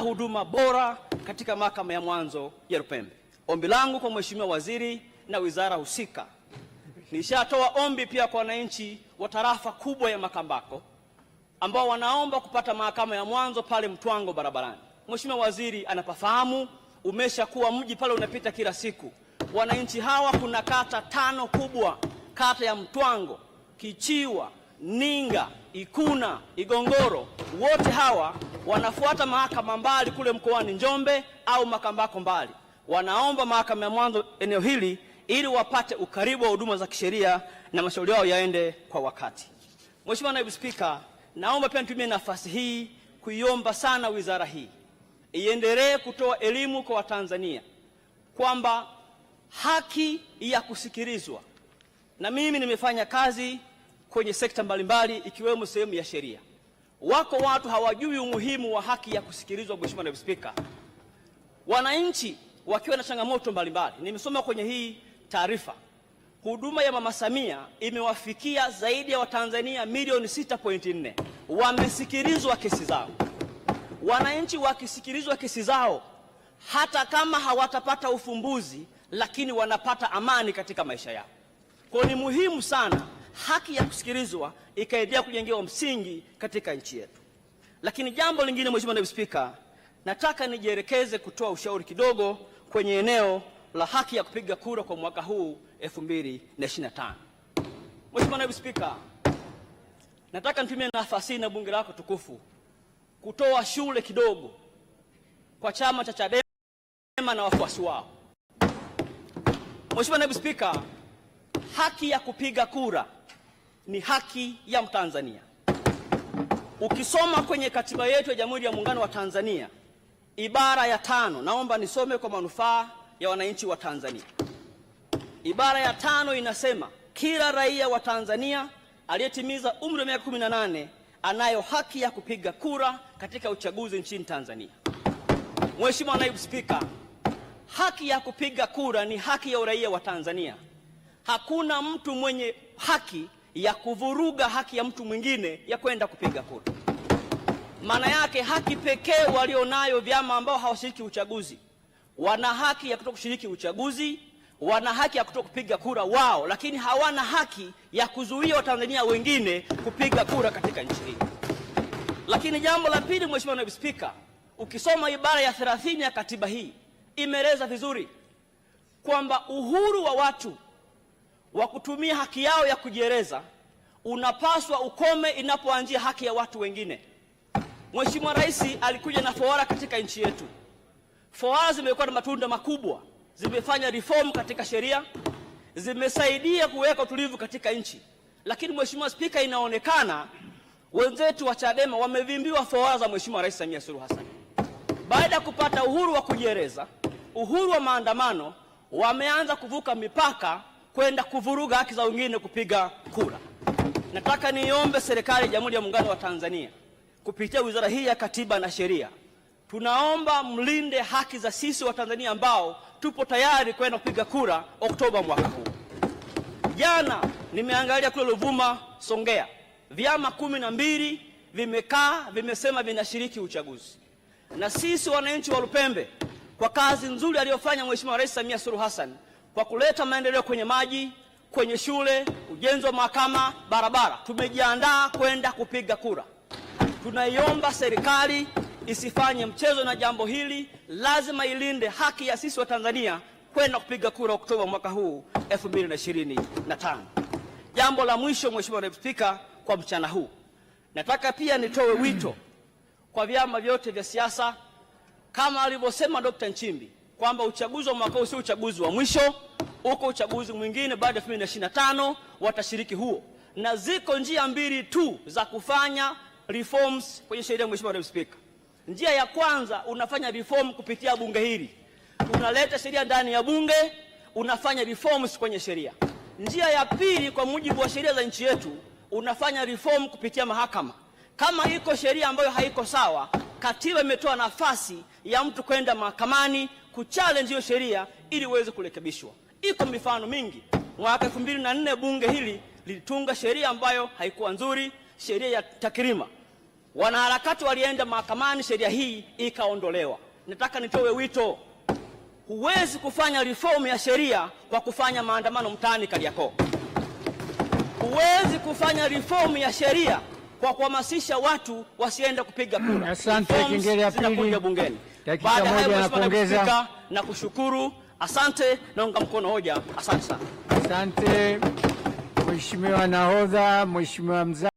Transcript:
huduma bora katika mahakama ya mwanzo ya Lupembe. Ombi langu kwa mheshimiwa waziri na wizara husika, nishatoa ombi pia kwa wananchi wa tarafa kubwa ya Makambako ambao wanaomba kupata mahakama ya mwanzo pale Mtwango barabarani. Mheshimiwa waziri anapafahamu, umeshakuwa mji pale, unapita kila siku. Wananchi hawa kuna kata tano kubwa, kata ya Mtwango, Kichiwa, Ninga, Ikuna, Igongoro, wote hawa wanafuata mahakama mbali kule mkoani Njombe au Makambako mbali, wanaomba mahakama ya mwanzo eneo hili ili wapate ukaribu wa huduma za kisheria na mashauri yao yaende kwa wakati. Mheshimiwa Naibu Spika, naomba pia nitumie nafasi hii kuiomba sana wizara hii iendelee kutoa elimu kwa Watanzania kwamba haki ya kusikilizwa, na mimi nimefanya kazi kwenye sekta mbalimbali ikiwemo sehemu ya sheria Wako watu hawajui umuhimu wa haki ya kusikilizwa. Mheshimiwa Naibu Spika, wananchi wakiwa na changamoto mbalimbali, nimesoma kwenye hii taarifa, huduma ya Mama Samia imewafikia zaidi ya Watanzania milioni 6.4 wamesikilizwa kesi zao. Wananchi wakisikilizwa kesi zao, hata kama hawatapata ufumbuzi, lakini wanapata amani katika maisha yao. Kwa ni muhimu sana haki ya kusikilizwa ikaendelea kujengewa msingi katika nchi yetu. Lakini jambo lingine, Mheshimiwa Naibu Spika, nataka nijielekeze kutoa ushauri kidogo kwenye eneo la haki ya kupiga kura kwa mwaka huu 2025. Mheshimiwa Naibu Spika, nataka nitumie nafasi hii na bunge lako tukufu kutoa shule kidogo kwa chama cha Chadema na wafuasi wao. Mheshimiwa Naibu Spika, haki ya kupiga kura ni haki ya Mtanzania. Ukisoma kwenye katiba yetu ya Jamhuri ya Muungano wa Tanzania ibara ya tano, naomba nisome kwa manufaa ya wananchi wa Tanzania. Ibara ya tano inasema kila raia wa Tanzania aliyetimiza umri wa miaka 18 anayo haki ya kupiga kura katika uchaguzi nchini Tanzania. Mheshimiwa Naibu Spika, haki ya kupiga kura ni haki ya uraia wa Tanzania. Hakuna mtu mwenye haki ya kuvuruga haki ya mtu mwingine ya kwenda kupiga kura. Maana yake haki pekee walionayo vyama ambao hawashiriki uchaguzi, wana haki ya kuto kushiriki uchaguzi, wana haki ya kuto kupiga kura wao, lakini hawana haki ya kuzuia Watanzania wengine kupiga kura katika nchi hii. Lakini jambo la pili, Mheshimiwa Naibu Spika, ukisoma ibara ya 30 ya katiba hii imeeleza vizuri kwamba uhuru wa watu wa kutumia haki yao ya kujieleza unapaswa ukome inapoanzia haki ya watu wengine. Mheshimiwa Rais alikuja na foara katika nchi yetu. Foara zimekuwa na matunda makubwa, zimefanya reform katika sheria, zimesaidia kuweka utulivu katika nchi. Lakini Mheshimiwa Spika, inaonekana wenzetu wa Chadema wamevimbiwa foara za Mheshimiwa Rais Samia Suluhu Hassan. Baada ya kupata uhuru wa kujieleza, uhuru wa maandamano, wameanza kuvuka mipaka kwenda kuvuruga haki za wengine kupiga kura. Nataka niombe serikali ya Jamhuri ya Muungano wa Tanzania kupitia wizara hii ya Katiba na Sheria, tunaomba mlinde haki za sisi wa tanzania ambao tupo tayari kwenda kupiga kura Oktoba mwaka huu. Jana nimeangalia kule Ruvuma, Songea, vyama kumi na mbili vimekaa vimesema vinashiriki uchaguzi, na sisi wananchi wa Lupembe kwa kazi nzuri aliyofanya Mheshimiwa Rais Samia Suluhu Hassan kwa kuleta maendeleo kwenye maji, kwenye shule, ujenzi wa mahakama, barabara. Tumejiandaa kwenda kupiga kura. Tunaiomba serikali isifanye mchezo na jambo hili, lazima ilinde haki ya sisi wa Tanzania kwenda kupiga kura Oktoba mwaka huu 2025. Jambo la mwisho, Mheshimiwa Naibu Spika, kwa mchana huu nataka pia nitoe wito kwa vyama vyote vya siasa kama alivyosema Dr. Nchimbi kwamba uchaguzi wa mwaka huu sio uchaguzi wa mwisho, uko uchaguzi mwingine baada ya tano watashiriki huo, na ziko njia mbili tu za kufanya reforms kwenye sheria. Mheshimiwa Naibu Spika, njia ya kwanza unafanya reform kupitia bunge hili, unaleta sheria ndani ya bunge, unafanya reforms kwenye sheria. Njia ya pili, kwa mujibu wa sheria za nchi yetu, unafanya reform kupitia mahakama. Kama iko sheria ambayo haiko sawa, katiba imetoa nafasi ya mtu kwenda mahakamani kuchallenge hiyo sheria ili uweze kurekebishwa. Iko mifano mingi. Mwaka nne bunge hili lilitunga sheria ambayo haikuwa nzuri, sheria ya takrima. Wanaharakati walienda mahakamani, sheria hii ikaondolewa. Nataka nitoe wito, huwezi kufanya reform ya sheria kwa kufanya maandamano mtaani Kariakoo. Huwezi kufanya reform ya sheria kwa kuhamasisha watu wasiende kupiga kura. Asante. Kengele ya pili bungeni. Baada ya hayo, Mheshimiwa na kushukuru, asante, naunga mkono hoja. Asante sana. Asante Mheshimiwa Nahodha, Mheshimiwa Mza